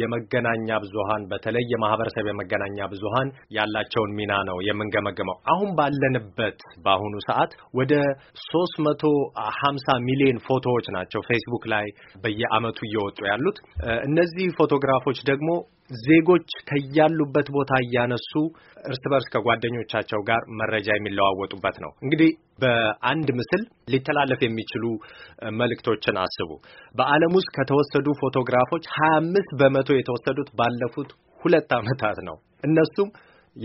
የመገናኛ ብዙሃን በተለይ የማህበረሰብ የመገናኛ ብዙሃን ያላቸውን ሚና ነው የምንገመገመው። አሁን ባለንበት በአሁኑ ሰዓት ወደ ሶስት መቶ ሀምሳ ሚሊዮን ፎቶዎች ናቸው ፌስቡክ ላይ በየአመቱ እየወጡ ያሉት። እነዚህ ፎቶግራፎች ደግሞ ዜጎች ከያሉበት ቦታ እያነሱ እርስ በርስ ከጓደኞቻቸው ጋር መረጃ የሚለዋወጡበት ነው። እንግዲህ በአንድ ምስል ሊተላለፍ የሚችሉ መልእክቶችን አስቡ። በዓለም ውስጥ ከተወሰዱ ፎቶግራፎች ሀያ አምስት በመቶ የተወሰዱት ባለፉት ሁለት ዓመታት ነው። እነሱም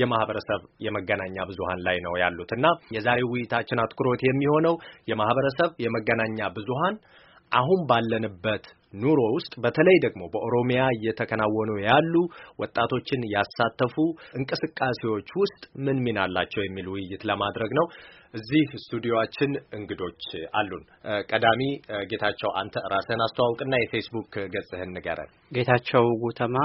የማህበረሰብ የመገናኛ ብዙሃን ላይ ነው ያሉት እና የዛሬው ውይይታችን አትኩሮት የሚሆነው የማህበረሰብ የመገናኛ ብዙሃን አሁን ባለንበት ኑሮ ውስጥ በተለይ ደግሞ በኦሮሚያ እየተከናወኑ ያሉ ወጣቶችን ያሳተፉ እንቅስቃሴዎች ውስጥ ምን ሚና አላቸው የሚል ውይይት ለማድረግ ነው። እዚህ ስቱዲዮችን እንግዶች አሉን። ቀዳሚ ጌታቸው፣ አንተ ራስህን አስተዋውቅና የፌስቡክ ገጽህን ንገረን። ጌታቸው ጉተማ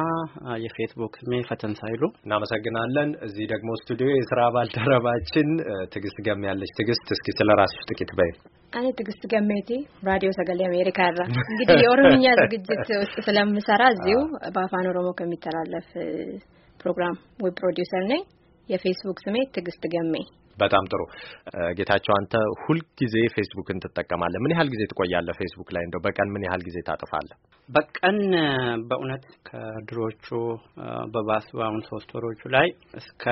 የፌስቡክ ስሜ ፈተን ሳይሉ። እናመሰግናለን። እዚህ ደግሞ ስቱዲዮ የስራ ባልደረባችን ትዕግስት ገሜ ያለች። ትዕግስት፣ እስኪ ስለ ራስሽ ጥቂት በይ። እኔ ትዕግስት ገሜቴ ራዲዮ ሰገሌ አሜሪካ ራ እንግዲህ የኦሮሚ በኦሮምኛ ዝግጅት ውስጥ ስለምሰራ እዚሁ በአፋን ኦሮሞ ከሚተላለፍ ፕሮግራም ዌብ ፕሮዲውሰር ነኝ። የፌስቡክ ስሜ ትዕግስት ገሜ። በጣም ጥሩ ጌታቸው፣ አንተ ሁልጊዜ ፌስቡክን ትጠቀማለህ። ምን ያህል ጊዜ ትቆያለህ ፌስቡክ ላይ? እንደው በቀን ምን ያህል ጊዜ ታጥፋለህ? በቀን በእውነት ከድሮቹ በባሱ አሁን ሶስት ወሮቹ ላይ እስከ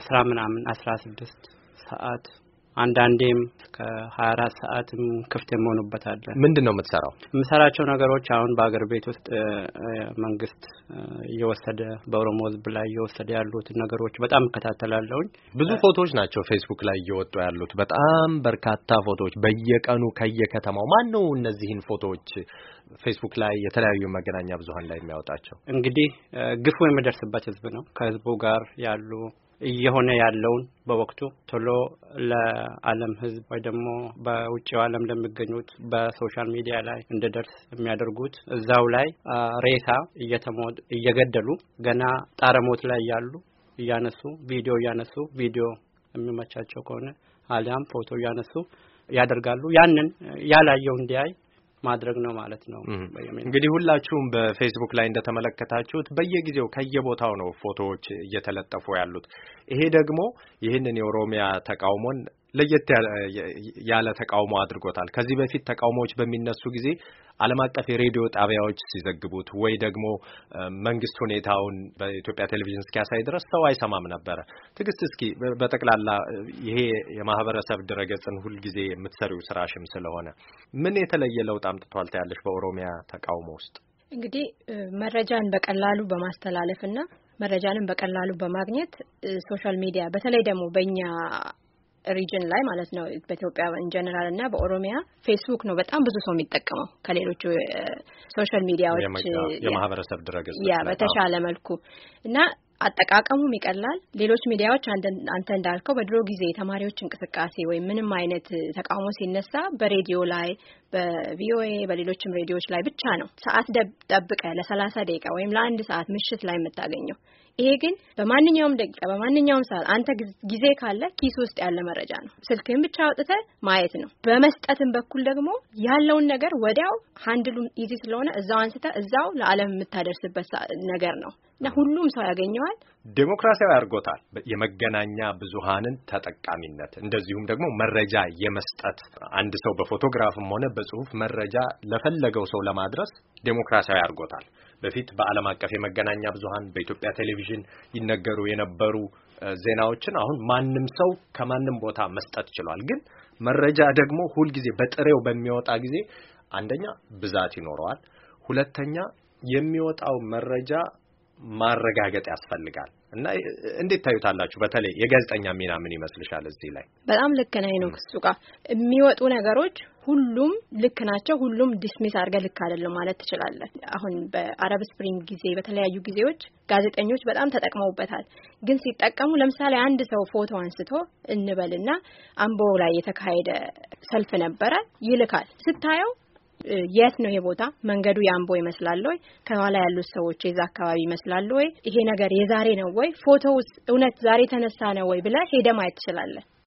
አስራ ምናምን አስራ ስድስት ሰዓት አንዳንዴም ከ አራት ሰዓትም ክፍት የመሆኑበት አለ። ምንድን ነው የምትሰራው? የምሰራቸው ነገሮች አሁን በሀገር ቤት ውስጥ መንግስት እየወሰደ በኦሮሞ ህዝብ ላይ እየወሰደ ያሉትን ነገሮች በጣም እከታተላለሁኝ። ብዙ ፎቶዎች ናቸው ፌስቡክ ላይ እየወጡ ያሉት፣ በጣም በርካታ ፎቶዎች በየቀኑ ከየከተማው። ማን ነው እነዚህን ፎቶዎች ፌስቡክ ላይ የተለያዩ መገናኛ ብዙሀን ላይ የሚያወጣቸው? እንግዲህ ግፉ የሚደርስበት ህዝብ ነው። ከህዝቡ ጋር ያሉ እየሆነ ያለውን በወቅቱ ቶሎ ለዓለም ሕዝብ ወይ ደግሞ በውጭው ዓለም ለሚገኙት በሶሻል ሚዲያ ላይ እንዲደርስ የሚያደርጉት እዛው ላይ ሬሳ እየገደሉ ገና ጣረሞት ላይ ያሉ እያነሱ ቪዲዮ እያነሱ ቪዲዮ የሚመቻቸው ከሆነ አሊያም ፎቶ እያነሱ ያደርጋሉ። ያንን ያላየው እንዲያይ ማድረግ ነው ማለት ነው። እንግዲህ ሁላችሁም በፌስቡክ ላይ እንደተመለከታችሁት በየጊዜው ከየቦታው ነው ፎቶዎች እየተለጠፉ ያሉት። ይሄ ደግሞ ይህንን የኦሮሚያ ተቃውሞን ለየት ያለ ተቃውሞ አድርጎታል። ከዚህ በፊት ተቃውሞዎች በሚነሱ ጊዜ ዓለም አቀፍ የሬዲዮ ጣቢያዎች ሲዘግቡት ወይ ደግሞ መንግስት ሁኔታውን በኢትዮጵያ ቴሌቪዥን እስኪያሳይ ድረስ ሰው አይሰማም ነበረ። ትዕግስት፣ እስኪ በጠቅላላ ይሄ የማህበረሰብ ድረገጽን ሁልጊዜ የምትሰሪው ስራሽም ስለሆነ ምን የተለየ ለውጥ አምጥቷል ታያለሽ? በኦሮሚያ ተቃውሞ ውስጥ እንግዲህ መረጃን በቀላሉ በማስተላለፍና መረጃንም በቀላሉ በማግኘት ሶሻል ሚዲያ በተለይ ደግሞ በእኛ ሪጅን ላይ ማለት ነው በኢትዮጵያ ኢንጀነራል እና በኦሮሚያ ፌስቡክ ነው በጣም ብዙ ሰው የሚጠቀመው ከሌሎቹ ሶሻል ሚዲያዎች የማህበረሰብ ድረገጽ ያ በተሻለ መልኩ እና አጠቃቀሙም ይቀላል። ሌሎች ሚዲያዎች አንተ እንዳልከው በድሮ ጊዜ የተማሪዎች እንቅስቃሴ ወይም ምንም አይነት ተቃውሞ ሲነሳ በሬዲዮ ላይ በቪኦኤ በሌሎችም ሬዲዮዎች ላይ ብቻ ነው ሰዓት ጠብቀ ለሰላሳ ደቂቃ ወይም ለአንድ ሰዓት ምሽት ላይ የምታገኘው። ይሄ ግን በማንኛውም ደቂቃ በማንኛውም ሰዓት አንተ ጊዜ ካለ ኪስ ውስጥ ያለ መረጃ ነው። ስልክህን ብቻ አውጥተ ማየት ነው። በመስጠትም በኩል ደግሞ ያለውን ነገር ወዲያው ሀንድሉ ኢዚ ስለሆነ እዛው አንስተ እዛው ለዓለም የምታደርስበት ነገር ነው። እና ሁሉም ሰው ያገኘዋል፣ ዴሞክራሲያዊ አድርጎታል። የመገናኛ ብዙሃንን ተጠቃሚነት እንደዚሁም ደግሞ መረጃ የመስጠት አንድ ሰው በፎቶግራፍም ሆነ በጽሁፍ መረጃ ለፈለገው ሰው ለማድረስ ዴሞክራሲያዊ አድርጎታል። በፊት በዓለም አቀፍ የመገናኛ ብዙሃን በኢትዮጵያ ቴሌቪዥን ይነገሩ የነበሩ ዜናዎችን አሁን ማንም ሰው ከማንም ቦታ መስጠት ችሏል። ግን መረጃ ደግሞ ሁልጊዜ በጥሬው በሚወጣ ጊዜ አንደኛ ብዛት ይኖረዋል፣ ሁለተኛ የሚወጣው መረጃ ማረጋገጥ ያስፈልጋል እና እንዴት ታዩታላችሁ? በተለይ የጋዜጠኛ ሚና ምን ይመስልሻል? እዚህ ላይ በጣም ልክ ነኝ ነው ክሱ ጋር የሚወጡ ነገሮች ሁሉም ልክ ናቸው። ሁሉም ዲስሚስ አድርገ ልክ አይደለም ማለት ትችላለህ። አሁን በአረብ ስፕሪንግ ጊዜ በተለያዩ ጊዜዎች ጋዜጠኞች በጣም ተጠቅመውበታል። ግን ሲጠቀሙ ለምሳሌ አንድ ሰው ፎቶ አንስቶ እንበልና አምቦ ላይ የተካሄደ ሰልፍ ነበረ ይልካል ስታየው የት ነው ይሄ ቦታ? መንገዱ ያምቦ ይመስላል ወይ? ከኋላ ያሉት ሰዎች የዛ አካባቢ ይመስላል ወይ? ይሄ ነገር የዛሬ ነው ወይ? ፎቶውስ እውነት ዛሬ ተነሳ ነው ወይ ብለህ ሄደህ ማየት ትችላለህ።